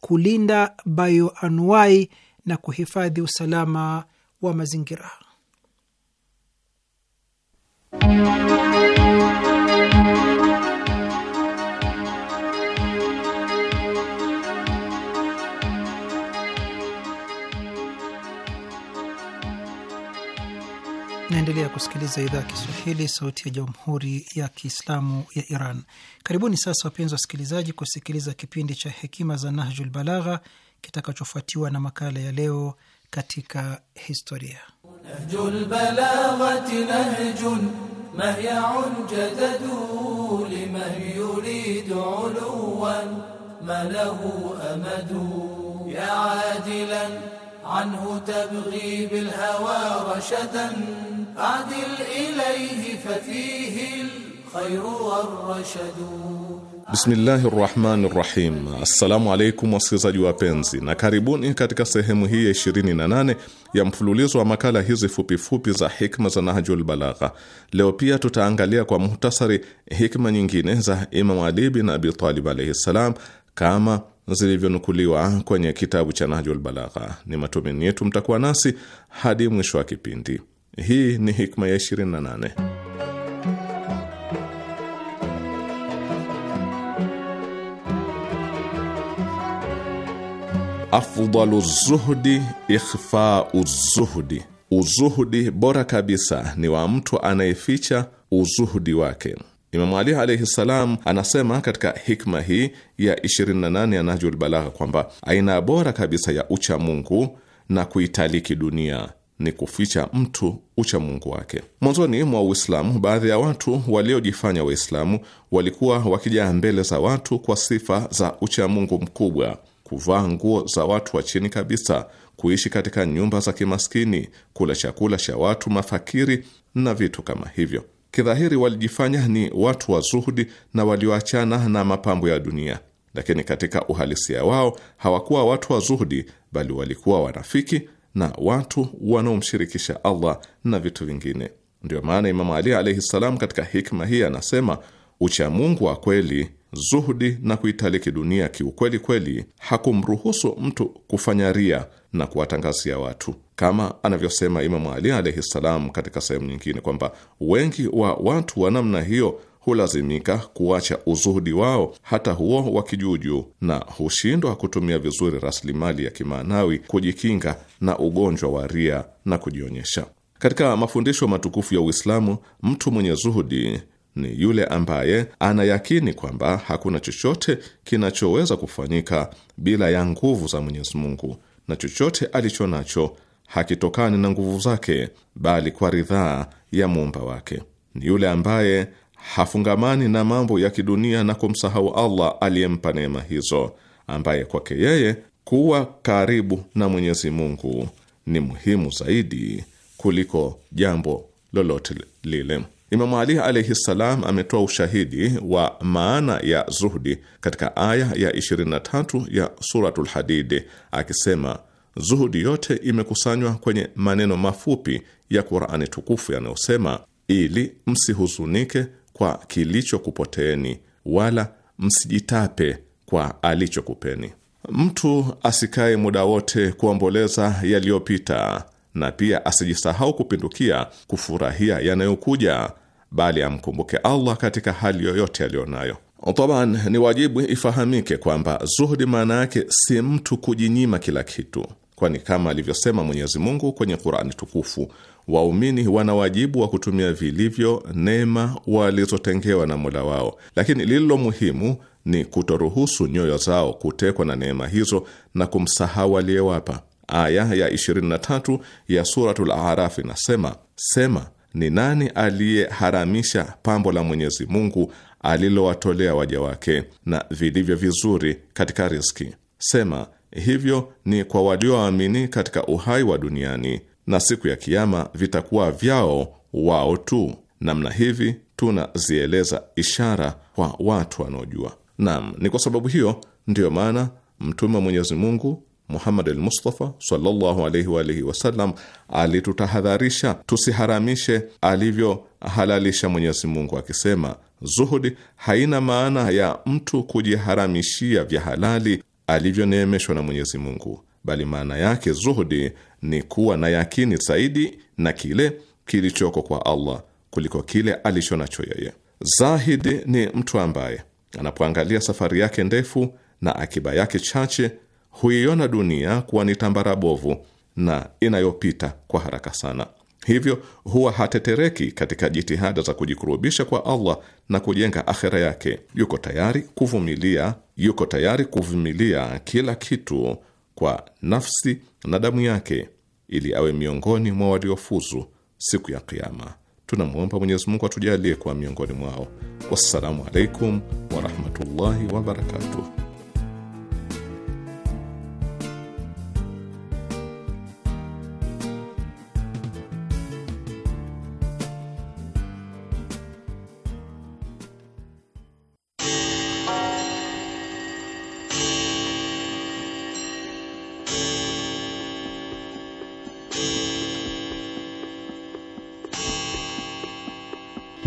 kulinda bioanuai na kuhifadhi usalama wa mazingira. Naendelea kusikiliza idhaa ya Kiswahili, sauti ya jamhuri ya kiislamu ya Iran. Karibuni sasa, wapenzi wasikilizaji, kusikiliza kipindi cha hekima za Nahjul Balagha kitakachofuatiwa na makala ya leo katika historia. Nahjul Balaghati nahjun mahyaun jadadu liman yuridu uluwan amadu ya adilan anhu tabghi bilhawa rashadan أعدل إليه ففيه الخير والرشد Bismillahi rahmani rahim. Assalamu alaikum wasikilizaji wapenzi, na karibuni katika sehemu hii ya 28 ya mfululizo wa makala hizi fupifupi za hikma za Nahjul Balagha. Leo pia tutaangalia kwa muhtasari hikma nyingine za Imam Ali bin Abi Talib alaihi ssalam kama zilivyonukuliwa kwenye kitabu cha Nahjul Balagha. Ni matumaini yetu mtakuwa nasi hadi mwisho wa kipindi. Hii ni hikma ya 28. Afdalu zuhdi ikhfau zuhdi, uzuhudi bora kabisa ni wa mtu anayeficha uzuhudi wake. Imamu Ali alaihi salam anasema katika hikma hii ya 28 ya Nahjul Balagha kwamba aina bora kabisa ya ucha Mungu na kuitaliki dunia ni kuficha mtu uchamungu wake. Mwanzoni mwa Uislamu, baadhi ya watu waliojifanya Waislamu walikuwa wakijaa mbele za watu kwa sifa za uchamungu mkubwa, kuvaa nguo za watu wa chini kabisa, kuishi katika nyumba za kimaskini, kula chakula cha watu mafakiri na vitu kama hivyo. Kidhahiri walijifanya ni watu wa zuhudi na walioachana na mapambo ya dunia, lakini katika uhalisia wao hawakuwa watu wa zuhudi, bali walikuwa wanafiki na watu wanaomshirikisha Allah na vitu vingine. Ndiyo maana Imamu Ali alaihi ssalam katika hikma hii anasema uchamungu wa kweli, zuhudi na kuitaliki dunia kiukweli kweli hakumruhusu mtu kufanya ria na kuwatangazia watu, kama anavyosema Imamu Ali alaihi ssalam katika sehemu nyingine kwamba wengi wa watu wa namna hiyo hulazimika kuacha uzuhudi wao hata huo wa kijuujuu na hushindwa kutumia vizuri rasilimali ya kimaanawi kujikinga na ugonjwa wa ria na kujionyesha. Katika mafundisho matukufu ya Uislamu, mtu mwenye zuhudi ni yule ambaye anayakini kwamba hakuna chochote kinachoweza kufanyika bila ya nguvu za Mwenyezi Mungu, na chochote alicho nacho hakitokani na nguvu zake, bali kwa ridhaa ya muumba wake. Ni yule ambaye hafungamani na mambo ya kidunia na kumsahau Allah aliyempa neema hizo, ambaye kwake yeye kuwa karibu na Mwenyezi Mungu ni muhimu zaidi kuliko jambo lolote lile. Imamu Ali alaihi ssalam ametoa ushahidi wa maana ya zuhdi katika aya ya 23 ya Suratul Hadidi akisema, zuhudi yote imekusanywa kwenye maneno mafupi ya Qurani tukufu yanayosema, ili msihuzunike kwa kilichokupoteeni wala msijitape kwa alichokupeni. Mtu asikae muda wote kuomboleza yaliyopita, na pia asijisahau kupindukia kufurahia yanayokuja, bali amkumbuke Allah katika hali yoyote aliyonayo. Taban, ni wajibu ifahamike kwamba zuhudi maana yake si mtu kujinyima kila kitu, kwani kama alivyosema Mwenyezi Mungu kwenye Qur'ani tukufu waumini wana wajibu wa kutumia vilivyo neema walizotengewa na Mola wao, lakini lililo muhimu ni kutoruhusu nyoyo zao kutekwa na neema hizo na kumsahau aliyewapa. Aya ya 23 ya Suratul Araf inasema: sema ni nani aliyeharamisha pambo la Mwenyezi Mungu alilowatolea waja wake na vilivyo vizuri katika riski? Sema hivyo ni kwa walioamini katika uhai wa duniani na siku ya Kiama vitakuwa vyao wao tu. Namna hivi tunazieleza ishara kwa watu wanaojua. Naam, ni kwa sababu hiyo ndiyo maana Mtume wa Mwenyezi Mungu Muhammad al-Mustafa sallallahu alayhi wa alihi wasallam alitutahadharisha tusiharamishe alivyohalalisha Mwenyezi Mungu akisema, zuhudi haina maana ya mtu kujiharamishia vya halali alivyoneemeshwa na Mwenyezi Mungu, bali maana yake zuhudi ni kuwa na yakini zaidi na kile kilichoko kwa Allah kuliko kile alicho nacho yeye. Zahid ni mtu ambaye anapoangalia safari yake ndefu na akiba yake chache huiona dunia kuwa ni tambara bovu na inayopita kwa haraka sana, hivyo huwa hatetereki katika jitihada za kujikurubisha kwa Allah na kujenga akhera yake. Yuko tayari kuvumilia, yuko tayari kuvumilia kila kitu kwa nafsi na damu yake ili awe miongoni mwa waliofuzu siku ya kiama Tunamwomba Mwenyezi Mungu atujalie kuwa miongoni mwao. Wassalamu alaikum warahmatullahi wabarakatuh.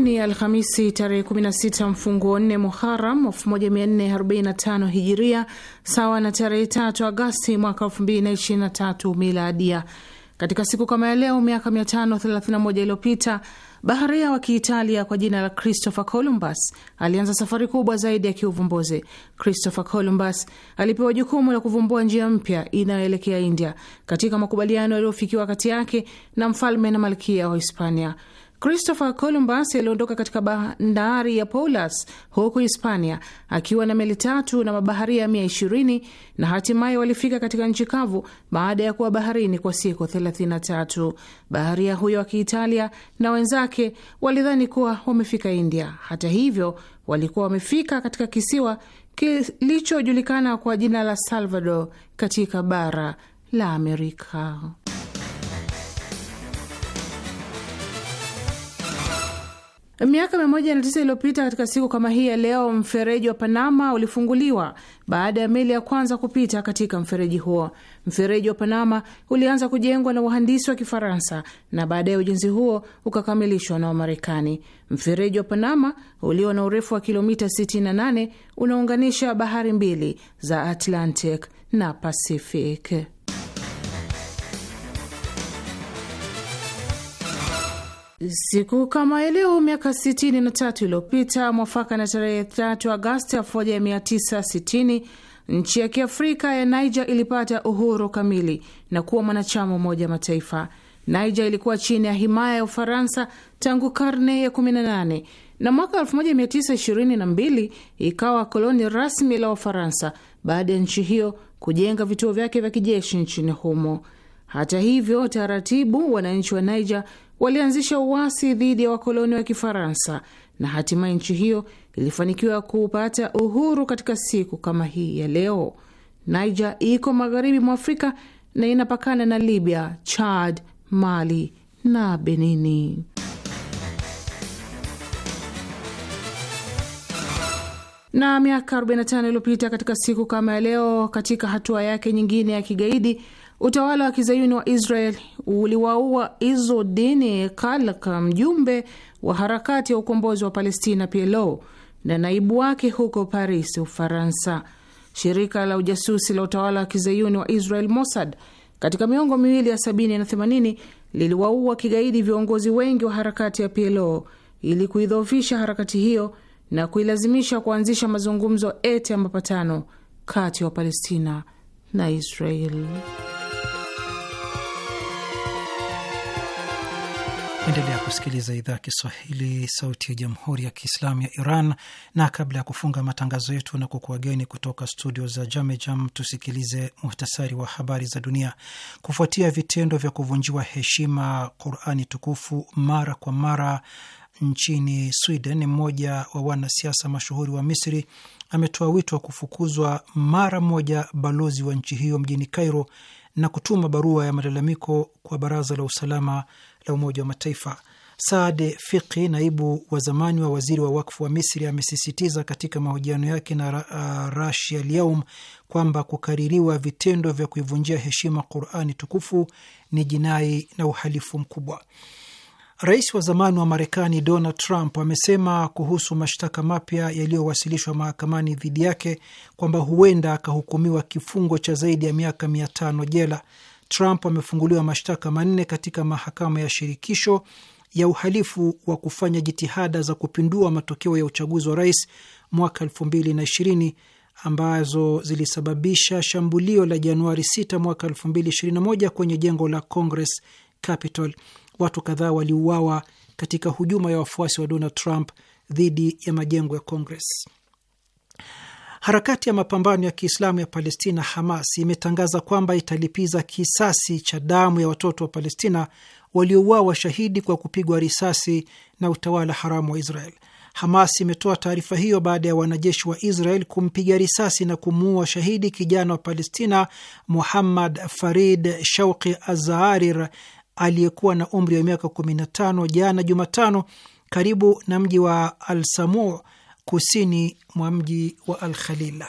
ni Alhamisi tarehe 16 mfunguo 4 Muharam 1445 Hijiria, sawa na tarehe 3 Agasti mwaka 2023 Miladia. Katika siku kama ya leo miaka 531 iliyopita baharia wa Kiitalia kwa jina la Christopher Columbus alianza safari kubwa zaidi ya kiuvumbuzi. Christopher Columbus alipewa jukumu la kuvumbua njia mpya inayoelekea India katika makubaliano yaliyofikiwa kati yake na mfalme na malkia wa Hispania. Christopher Columbus aliondoka katika bandari ya Palos huku Hispania akiwa na meli tatu na mabaharia ishirini na hatimaye walifika katika nchi kavu baada ya kuwa baharini kwa siku 33. Baharia huyo wa Kiitalia na wenzake walidhani kuwa wamefika India. Hata hivyo, walikuwa wamefika katika kisiwa kilichojulikana kwa jina la Salvador katika bara la Amerika. Miaka tisa iliyopita katika siku kama hii ya leo, mfereji wa Panama ulifunguliwa baada ya meli ya kwanza kupita katika mfereji huo. Mfereji wa Panama ulianza kujengwa na wahandisi wa Kifaransa na baadaye ujenzi huo ukakamilishwa na Wamarekani. Mfereji wa Panama ulio na urefu wa kilomita 68 unaunganisha bahari mbili za Atlantic na Pacific. Siku kama ya miaka 63 iliyopita mwafaka na tarehe 3 Agosti 1960 nchi ya kiafrika ya Niger ilipata uhuru kamili na kuwa mwanachama Umoja wa Mataifa. Niger ilikuwa chini ya himaya ya Ufaransa tangu karne ya 18 na mwaka 1922 ikawa koloni rasmi la Ufaransa baada ya nchi hiyo kujenga vituo vyake vya kijeshi nchini humo. Hata hivyo, taratibu wananchi wa Niger walianzisha uasi dhidi ya wakoloni wa Kifaransa na hatimaye nchi hiyo ilifanikiwa kupata uhuru katika siku kama hii ya leo. Niger iko magharibi mwa Afrika na inapakana na Libya, Chad, Mali na Benini. Na miaka 45 iliyopita katika siku kama ya leo, katika hatua yake nyingine ya kigaidi Utawala wa kizayuni wa Israel uliwaua Izudini kalk mjumbe wa harakati ya ukombozi wa Palestina PLO na naibu wake huko Paris, Ufaransa. Shirika la ujasusi la utawala wa kizayuni wa Israel Mossad katika miongo miwili ya sabini na themanini liliwaua kigaidi viongozi wengi wa harakati ya PLO ili kuidhoofisha harakati hiyo na kuilazimisha kuanzisha mazungumzo ete ya mapatano kati ya Palestina na Israeli. Endelea kusikiliza idhaa ya Kiswahili, sauti ya jamhuri ya kiislamu ya Iran. Na kabla ya kufunga matangazo yetu na kukuageni kutoka studio za Jamejam, tusikilize muhtasari wa habari za dunia. Kufuatia vitendo vya kuvunjiwa heshima Qurani tukufu mara kwa mara nchini Sweden, mmoja wa wanasiasa mashuhuri wa Misri ametoa wito wa kufukuzwa mara moja balozi wa nchi hiyo mjini Cairo na kutuma barua ya malalamiko kwa baraza la usalama la Umoja wa Mataifa. Saad Fiqi, naibu wa zamani wa waziri wa wakfu wa Misri, amesisitiza katika mahojiano yake na uh, Rashi kwamba kukaririwa vitendo vya kuivunjia heshima Qurani tukufu ni jinai na uhalifu mkubwa. Rais wa zamani wa Marekani Donald Trump amesema kuhusu mashtaka mapya yaliyowasilishwa mahakamani dhidi yake kwamba huenda akahukumiwa kifungo cha zaidi ya miaka mia tano jela. Trump amefunguliwa mashtaka manne katika mahakama ya shirikisho ya uhalifu wa kufanya jitihada za kupindua matokeo ya uchaguzi wa rais mwaka 2020 ambazo zilisababisha shambulio la Januari 6 mwaka 2021 kwenye jengo la Congress Capital. Watu kadhaa waliuawa katika hujuma ya wafuasi wa Donald Trump dhidi ya majengo ya Congress. Harakati ya mapambano ya Kiislamu ya Palestina, Hamas, imetangaza kwamba italipiza kisasi cha damu ya watoto wa Palestina waliouawa shahidi kwa kupigwa risasi na utawala haramu wa Israel. Hamas imetoa taarifa hiyo baada ya wanajeshi wa Israel kumpiga risasi na kumuua shahidi kijana wa Palestina Muhammad Farid shauki Azaarir aliyekuwa na umri wa miaka 15 jana Jumatano, karibu na mji wa Al kusini mwa mji wa Al Khalila.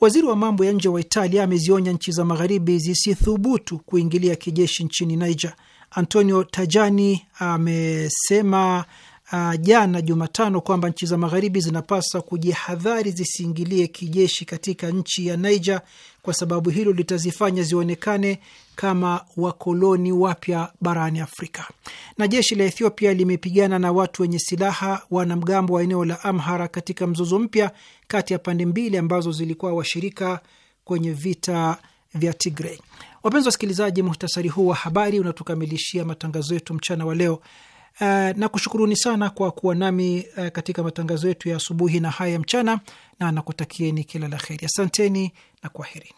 Waziri wa mambo ya nje wa Italia amezionya nchi za magharibi zisithubutu kuingilia kijeshi nchini Niger. Antonio Tajani amesema uh, jana Jumatano kwamba nchi za magharibi zinapaswa kujihadhari zisiingilie kijeshi katika nchi ya Niger kwa sababu hilo litazifanya zionekane kama wakoloni wapya barani Afrika. Na jeshi la Ethiopia limepigana na watu wenye silaha wanamgambo wa eneo la Amhara katika mzozo mpya kati ya pande mbili ambazo zilikuwa washirika kwenye vita vya Tigray. Wapenzi wasikilizaji, muhtasari huu wa habari unatukamilishia matangazo yetu mchana wa leo. Uh, eh, na kushukuruni sana kwa kuwa nami uh, katika matangazo yetu ya asubuhi na haya mchana, na nakutakieni kila la heri. Asanteni na kwaherini.